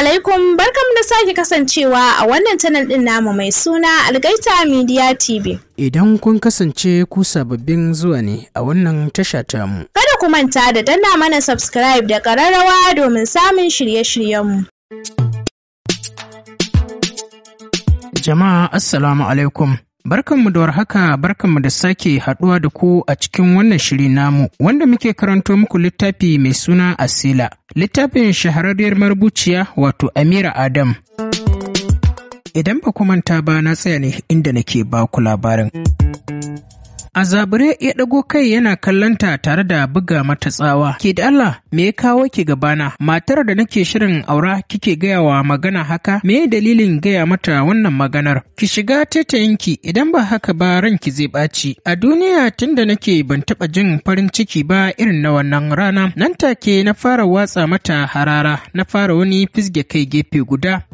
alaikum barkam da sake kasancewa a wannan channel din namu mai suna Algaita Media TV. Idan kun kasance ku sababbin zuwa ne a wannan tasha mu. Kada ku manta da danna mana subscribe da kararrawa domin samun shirye shiryen mu Jama'a Assalamu alaikum. Barkanmu da warhaka barkanmu da sake haɗuwa da ku a cikin wannan shiri namu wanda muke karanto muku littafi mai suna Asila. Littafin shahararriyar marubuciya wato Amira Adam. Idan ba ku manta ba na tsaya ne inda nake ba ku labarin. A zabure ya ɗago kai yana kallanta tare da buga mata tsawa. Ke da Allah me ya kawo ki gabana? Matar da nake shirin aura kike gaya wa magana haka? Me dalilin gaya mata wannan maganar? Ki shiga tetayenki idan ba haka ba ranki zai ɓaci. A duniya tun da nake ban taɓa jin farin ciki ba irin na wannan rana. Nan take na fara watsa mata harara na fara wani fisge kai gefe guda.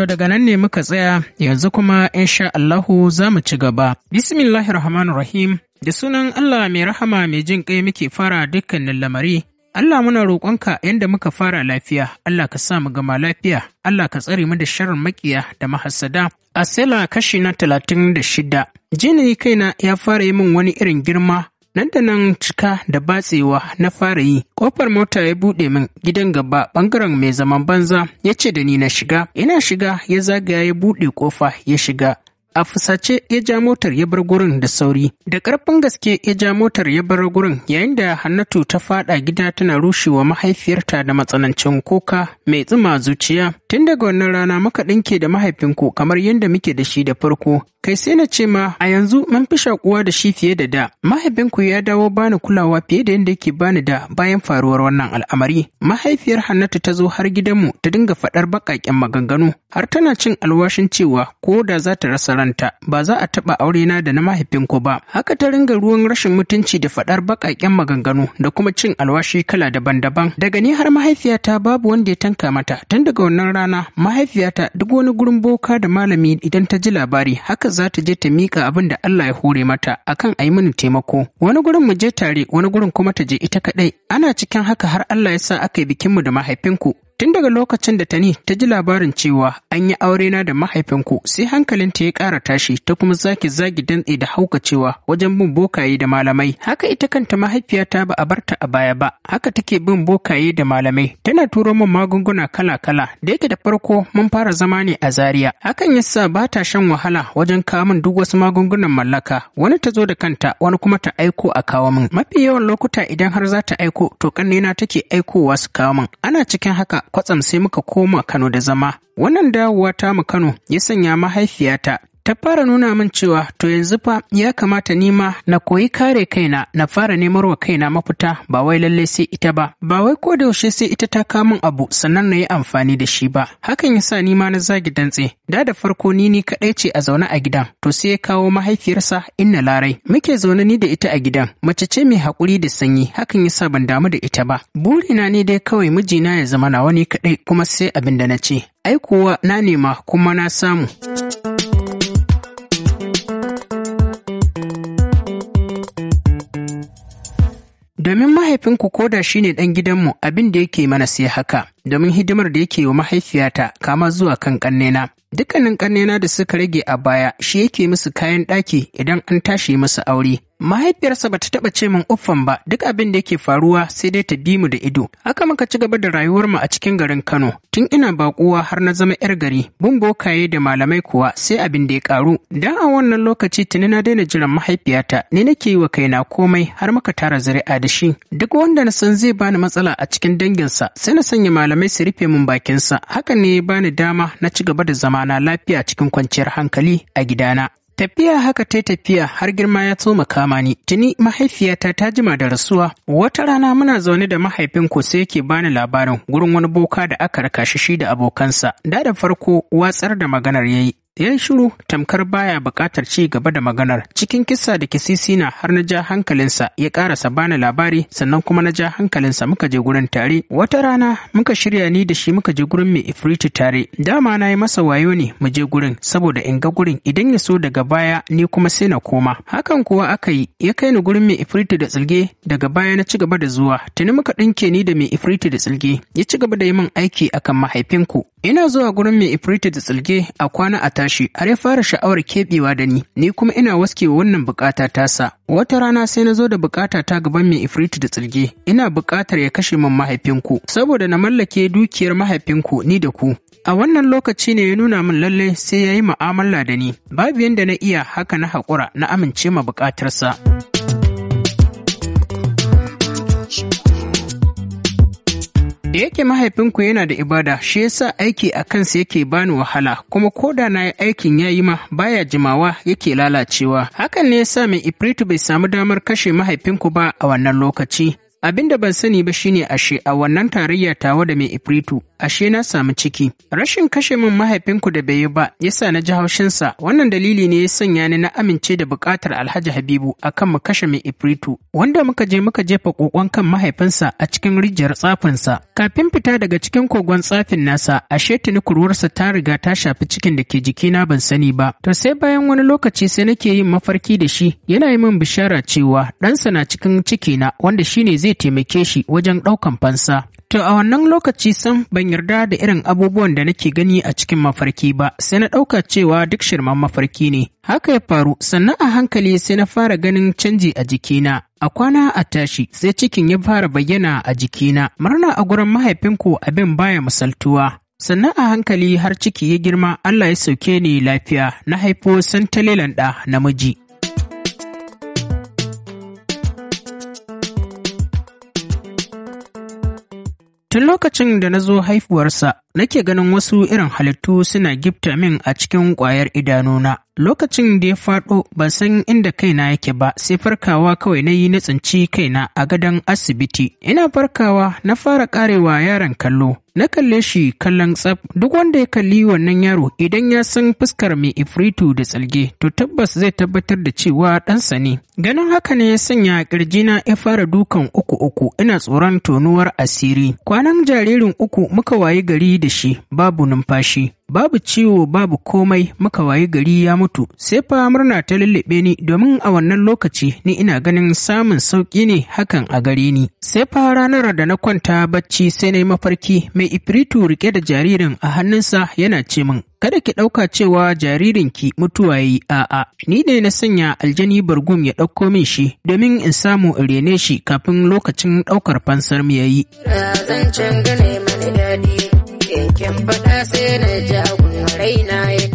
To daga nan ne muka tsaya yanzu kuma sha Allahu za mu ci gaba. Bismillahir Rahmanir Rahim da sunan Allah mai rahama mai jin kai muke fara dukkanin lamari. Allah muna roƙonka yadda muka fara lafiya, Allah ka sa mu gama lafiya, Allah ka tsare mu da sharrin makiya da mahasada. A sela kashi na talatin da shida, jini kaina ya fara yi min wani irin girma nan da nan cika da batsewa na fara yi kofar mota ya buɗe min gidan gaba ɓangaren mai zaman banza ya ce da ni na shiga ina shiga ya zagaya ya buɗe kofa ya shiga a fusace ya ja motar ya bar gurin da sauri da ƙarfin gaske ya ja motar ya bar gurin yayin da hannatu ta fada gida tana rushewa mahaifiyarta da matsanancin kuka mai tsima zuciya tun daga wannan rana muka ɗinke da mahaifinku kamar yadda muke da shi da farko kai sai na ce ma a yanzu mun fi shakuwa da shi fiye da da mahaifinku ya dawo bani kulawa fiye da yadda yake bani da bayan faruwar wannan al'amari mahaifiyar hannatu ta zo har gidanmu ta dinga faɗar baƙaƙen maganganu har tana cin alwashin cewa ko da za ta rasa ranta ba za a taɓa na da na mahaifinku ba haka ta ringa ruwan rashin mutunci da faɗar baƙaƙen maganganu da kuma cin alwashi kala daban-daban daga ni har mahaifiyata babu wanda ya tanka mata tun daga wannan rana mahaifiyata duk wani gurin boka da malami idan ta ji labari haka za ta je ta miƙa abin da Allah ya hore mata akan a yi mini taimako wani gurin mu je tare wani gurin kuma ta je ita kaɗai ana cikin haka har Allah ya sa aka yi bikinmu da mahaifinku Tun daga lokacin da Tani ta ji labarin cewa an yi aure na da mahaifinku sai hankalinta ya ƙara tashi ta kuma zaki zagi dantse da haukacewa wajen bin bokaye da malamai. Haka ita kanta mahaifiyata ba a barta a baya ba, haka take bin bokaye da malamai. Tana turo min magunguna kala-kala da yake da farko mun fara zama ne a Zaria. Hakan yasa ba ta shan wahala wajen kawo min duk wasu magungunan mallaka. Wani ta zo da kanta, wani kuma ta aiko a kawo min. Mafi yawan lokuta idan har za ta aiko to kannena take aikowa su kawo min. Ana cikin haka kwatsam sai muka koma Kano da zama. Wannan dawowa ta mu Kano ya sanya mahaifiyata ta fara nuna min cewa to yanzu fa ya kamata nima na koyi kare kaina na fara nemar wa kaina mafita ba wai lallai sai ita ba ba wai ko da yaushe sai ita ta kamun abu sannan na yi amfani da shi ba hakan yasa nima na zagi dantse da da farko ni ni kaɗai ce a zaune a gidan to sai ya kawo mahaifiyarsa inna larai muke zaune ni da ita a gidan mace ce mai hakuri da sanyi hakan yasa ban damu da ita ba burina ne dai kawai mijina ya zama na wani kaɗai kuma sai abin da na ce ai kuwa na nema kuma na samu. domin mahaifinku ko da shi ne ɗan gidanmu abin da yake mana sai haka domin hidimar da yake wa mahaifiyata kama zuwa kan ƙannena. Dukkanin ƙannena da suka rage a baya shi yake musu kayan ɗaki idan an tashi musu aure. Mahaifiyarsa ba ta taɓa ce min uffan ba duk abin da yake faruwa sai dai ta bi mu da ido. Haka muka ci gaba da rayuwar mu a cikin garin Kano. Tun ina baƙuwa har na zama 'yar gari, bin bokaye da malamai kuwa sai abin da ya ƙaru. Dan a wannan lokaci tuni na daina jiran mahaifiyata, ni nake yi wa kaina komai har muka tara zuri'a da shi. Duk wanda na san zai bani matsala a cikin danginsa sai na sanya malamai malamai su rufe min bakinsa haka ne bani dama na ci gaba da zamana lafiya cikin kwanciyar hankali a gidana tafiya haka ta tafiya har girma ya tsoma makama ni tuni mahaifiyata ta jima da rasuwa wata rana muna zaune da mahaifin ku sai yake bani labarin gurin wani boka da aka raka shi da abokansa da da farko watsar da maganar yayi Yan shiru tamkar baya bukatar ci gaba da maganar cikin kissa da kisisina har na ja hankalinsa ya sa bani labari sannan kuma na ja hankalinsa muka je gurin tare wata rana muka shirya ni da shi muka je gurin mai ifriti tare dama na yi masa wayo ne mu je gurin saboda in ga gurin idan ya so daga baya ni kuma sai na koma hakan kuwa aka yi ya kai ni gurin mai ifriti da tsilge daga baya na ci gaba da zuwa tuni muka ɗinke ni da mai ifriti da tsilge ya ci gaba da yi min aiki akan mahaifinku Ina zuwa gurin mai ifiriti da tsilge a kwana a tashi har ya fara sha'awar keɓewa da ni, ni kuma ina waske wannan bukata tasa. Wata rana sai na zo da bukata ta gaban mai ifiriti da tsilge, ina bukatar ya kashe min mahaifinku, saboda na mallake dukiyar mahaifinku ni da ku. A wannan lokaci ne ya nuna min lalle sai ya yi mu'amala da ni, babu yadda na iya haka na haƙura na amince ma bukatarsa. Da yake mahaifinku yana da ibada, shi yasa aiki a kansa yake bani wahala, kuma koda na yi aikin ya yi ma baya jimawa yake lalacewa. Hakan ne yasa mai Ifritu bai samu damar kashe mahaifinku ba a wannan lokaci. Abin da ban sani ba shine ashe a wannan tarayya tawa da mai Ifritu ashe na samu ciki. Rashin kashe min mahaifinku da bai yi ba yasa na ji haushinsa wannan dalili ne ya sanya ni na amince da bukatar Alhaji Habibu akan mu kashe mai ifritu wanda muka je muka jefa kokon kan mahaifinsa a cikin rijiyar tsafinsa. Kafin fita daga cikin kogon tsafin nasa ashe tuni kurwarsa ta riga ta shafi cikin da ke jikina ban sani ba. To sai bayan wani lokaci sai nake yin mafarki da shi yana yi min bishara cewa ɗansa na cikin cikina wanda shine zai taimake shi wajen ɗaukan fansa. To a wannan lokaci sam ban yarda da irin abubuwan da nake gani a cikin mafarki ba, sai na ɗauka cewa duk shirman mafarki ne. Haka ya faru, sannan a hankali sai na fara ganin canji a jikina. A kwana a tashi sai cikin ya fara bayyana a jikina, murna a gurin mahaifinku abin baya misaltuwa. Sannan a hankali har ciki ya girma Allah ya sauke ni lafiya na haifo santalelan ɗa namiji. Tun lokacin da na zo haifuwarsa. nake ganin wasu irin halittu suna gifta min a cikin ƙwayar idanuna lokacin da ya faɗo ban san inda kaina yake ba sai farkawa kawai na yi na tsinci kaina a gadon asibiti ina farkawa na fara karewa yaron kallo na kalle shi kallon tsaf duk wanda ya kalli wannan yaro idan ya san fuskar mai ifritu da tsalge to tabbas zai tabbatar da cewa ɗansa ne ganin haka ne ya sanya na ya fara dukan uku uku ina tsoron tonuwar asiri kwanan jaririn uku muka wayi gari da shi babu numfashi babu ciwo babu komai muka wayi gari ya mutu sai fa murna ta lullube ni domin a wannan lokaci ni ina ganin samun sauƙi ne hakan a gare ni sai fa ranar da na kwanta bacci sai na yi mafarki mai ifiritu rike da jaririn a hannunsa yana ce min kada ki ɗauka cewa jaririnki mutuwa yi a'a ni ne na sanya aljani bargum ya ɗauko min shi domin in samu in rene shi kafin lokacin ɗaukar fansar mu yayi.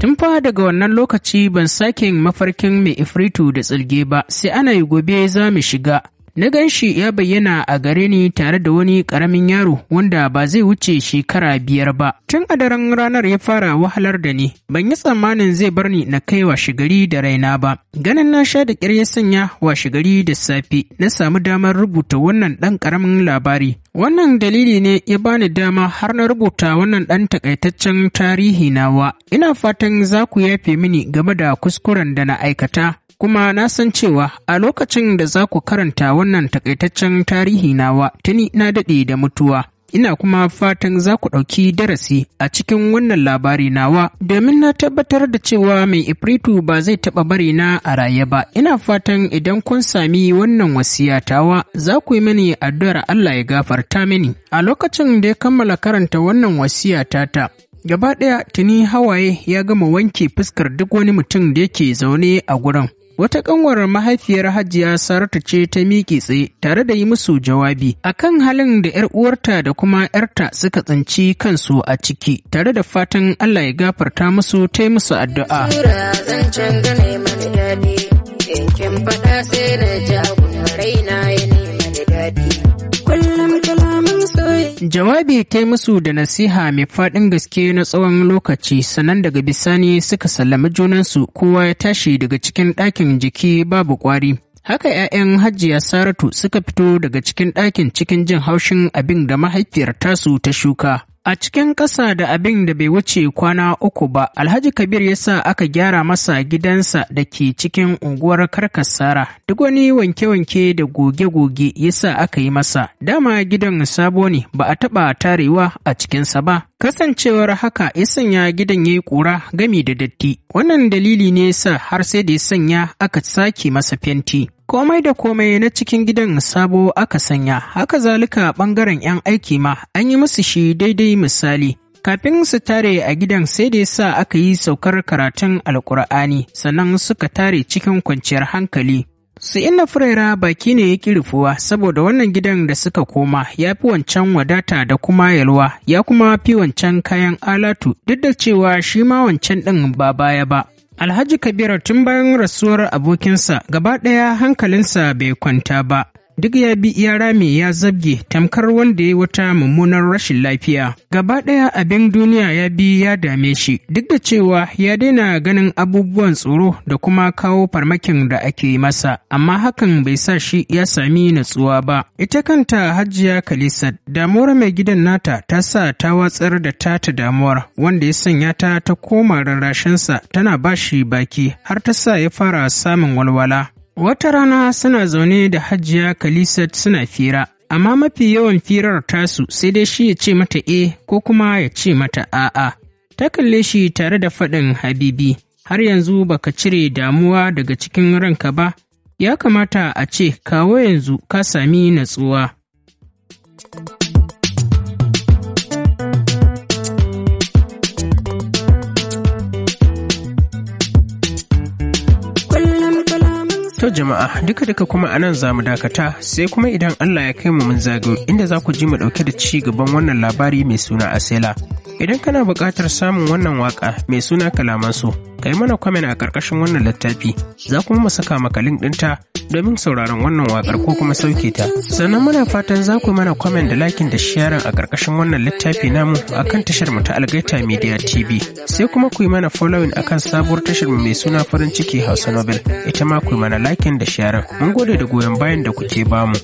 Tun fa daga wannan lokaci ban sake mafarkin mai ifritu da tsilge ba sai ana yi gobe za mu shiga Na gan shi ya bayyana a gare ni tare da wani ƙaramin yaro wanda ba zai wuce shekara biyar ba. Tun a daren ranar ya fara wahalar da ni, ban yi tsammanin zai bar ni na kai shigari da raina ba. Ganin na sha da ya sanya shigari da safe, na samu damar rubuta wannan ɗan ƙaramin labari. Wannan dalili ne ya bani dama har na rubuta wannan ɗan takaitaccen tarihi nawa. Ina fatan za ku yafe mini game da kuskuren da na aikata. kuma na san cewa a lokacin da za ku karanta wannan takaitaccen tarihi nawa tuni na daɗe da mutuwa ina kuma fatan za ku ɗauki darasi a cikin wannan labari nawa domin na tabbatar da cewa mai ifritu ba zai taɓa bari na a raye ba ina fatan idan kun sami wannan wasiya tawa za ku yi mani addu'ar allah ya gafarta mini a lokacin da ya kammala karanta wannan wasiyata ta, gaba ɗaya tuni hawaye ya gama wanke fuskar duk wani mutum da yake zaune a gurin Wata ƙanwar mahaifiyar Hajiya Saratu ce ta miƙe tsaye tare da yi musu jawabi akan halin da 'yar uwarta da kuma 'yarta suka tsinci kansu a ciki tare da fatan Allah ya gafarta musu ta musu addu'a. Eh, faɗa sai na Jawabi ta yi musu da nasiha mai faɗin gaske na tsawon lokaci sannan daga bisani suka sallami junansu kowa ya tashi daga cikin ɗakin jiki babu ƙwari. Haka 'ya'yan Hajjiya Saratu suka fito daga cikin ɗakin cikin jin haushin abin da mahaifiyar tasu ta shuka. A cikin ƙasa da abin da bai wuce kwana uku ba, Alhaji Kabir ya sa aka gyara masa gidansa da ke cikin unguwar Karkasara. Duk wani wanke-wanke da goge-goge ya sa aka yi masa. Dama gidan sabo ne ba a taɓa tarewa a cikinsa ba. Kasancewar haka ya sanya gidan ya yi ƙura gami da datti, wannan dalili ne sa har sai da ya sanya aka sake masa fenti. Komai da komai na cikin gidan sabo aka sanya, haka zalika ɓangaren 'yan aiki ma an yi musu shi daidai misali. Kafin su tare a gidan sai da sa aka yi saukar karatun alkur'ani sannan suka tare cikin kwanciyar hankali. su inna furera baki ne ya kirifuwa saboda wannan gidan da suka koma ya fi wancan wadata da kuma yalwa ya kuma fi wancan kayan alatu duk da cewa shi ma wancan ɗin ba baya ba alhaji Kabiru tun bayan rasuwar abokinsa gaba ɗaya hankalinsa bai kwanta ba duk ya bi ya rame ya zabge tamkar wanda ya yi wata mummunar rashin lafiya gaba ɗaya abin duniya ya bi ya dame shi duk da cewa ya daina ganin abubuwan tsoro da kuma kawo farmakin da ake masa amma hakan bai sa shi ya sami natsuwa ba ita kanta hajiya kalisat damuwar mai gidan nata ta sa ta watsar da ta ta damuwar wanda ya sanya ta ta koma rarrashinsa tana bashi baki har ta sa ya fara samun walwala Wata rana suna zaune da Hajiya Khalisat suna fira, amma mafi yawan firar tasu sai dai shi ya ce mata e ko kuma ya ce mata a'a. Ta kalle shi tare da faɗin Habibi, har yanzu baka cire damuwa daga cikin ranka ba, ya kamata a ce kawo yanzu ka sami natsuwa. To jama'a duka-duka kuma anan za mu dakata sai kuma idan Allah ya kai mu mun zagayo inda za ku ji mu ɗauke da ci gaban wannan labari mai suna Asela. Idan kana buƙatar samun wannan waƙa mai suna kalamansu, ka yi mana kwamen a ƙarƙashin wannan littafi, za kuma mu saka maka link ɗinta domin sauraron wannan waƙar ko kuma sauke ta. Sannan muna fatan za ku mana kwamen da lakin da sharan a ƙarƙashin wannan littafi namu a kan tashar mu ta Algaita Media TV. Sai kuma ku yi mana following a kan sabuwar tashar mu mai suna farin ciki Hausa Nobel. Ita ma ku yi mana lakin da sharan. Mun gode da goyon bayan da kuke bamu.